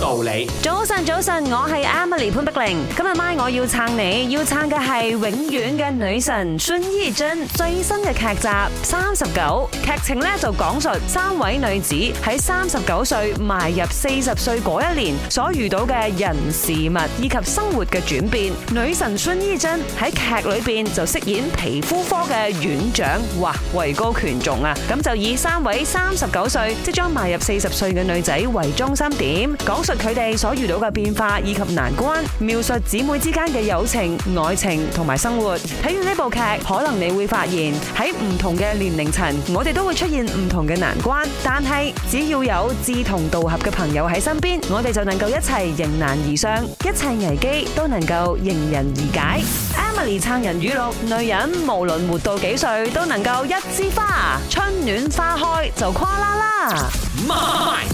道理。早晨，早晨，我係 Emily 潘碧玲。今日晚我要撐你，要撐嘅係永遠嘅女神孫依珍最新嘅劇集三十九。劇情呢就講述三位女子喺三十九歲邁入四十歲嗰一年所遇到嘅人事物以及生活嘅轉變。女神孫依珍喺劇裏邊就飾演皮膚科嘅院長，哇，位高權重啊。咁就以三位三十九歲即將邁入四十歲嘅女仔為中心點講。述佢哋所遇到嘅變化以及難關，描述姊妹之間嘅友情、愛情同埋生活。睇完呢部劇，可能你會發現喺唔同嘅年齡層，我哋都會出現唔同嘅難關。但係只要有志同道合嘅朋友喺身邊，我哋就能夠一齊迎難而上，一切危機都能夠迎刃而解。Emily 撐人語錄：女人無論活到幾歲，都能夠一枝花，春暖花開就誇啦啦。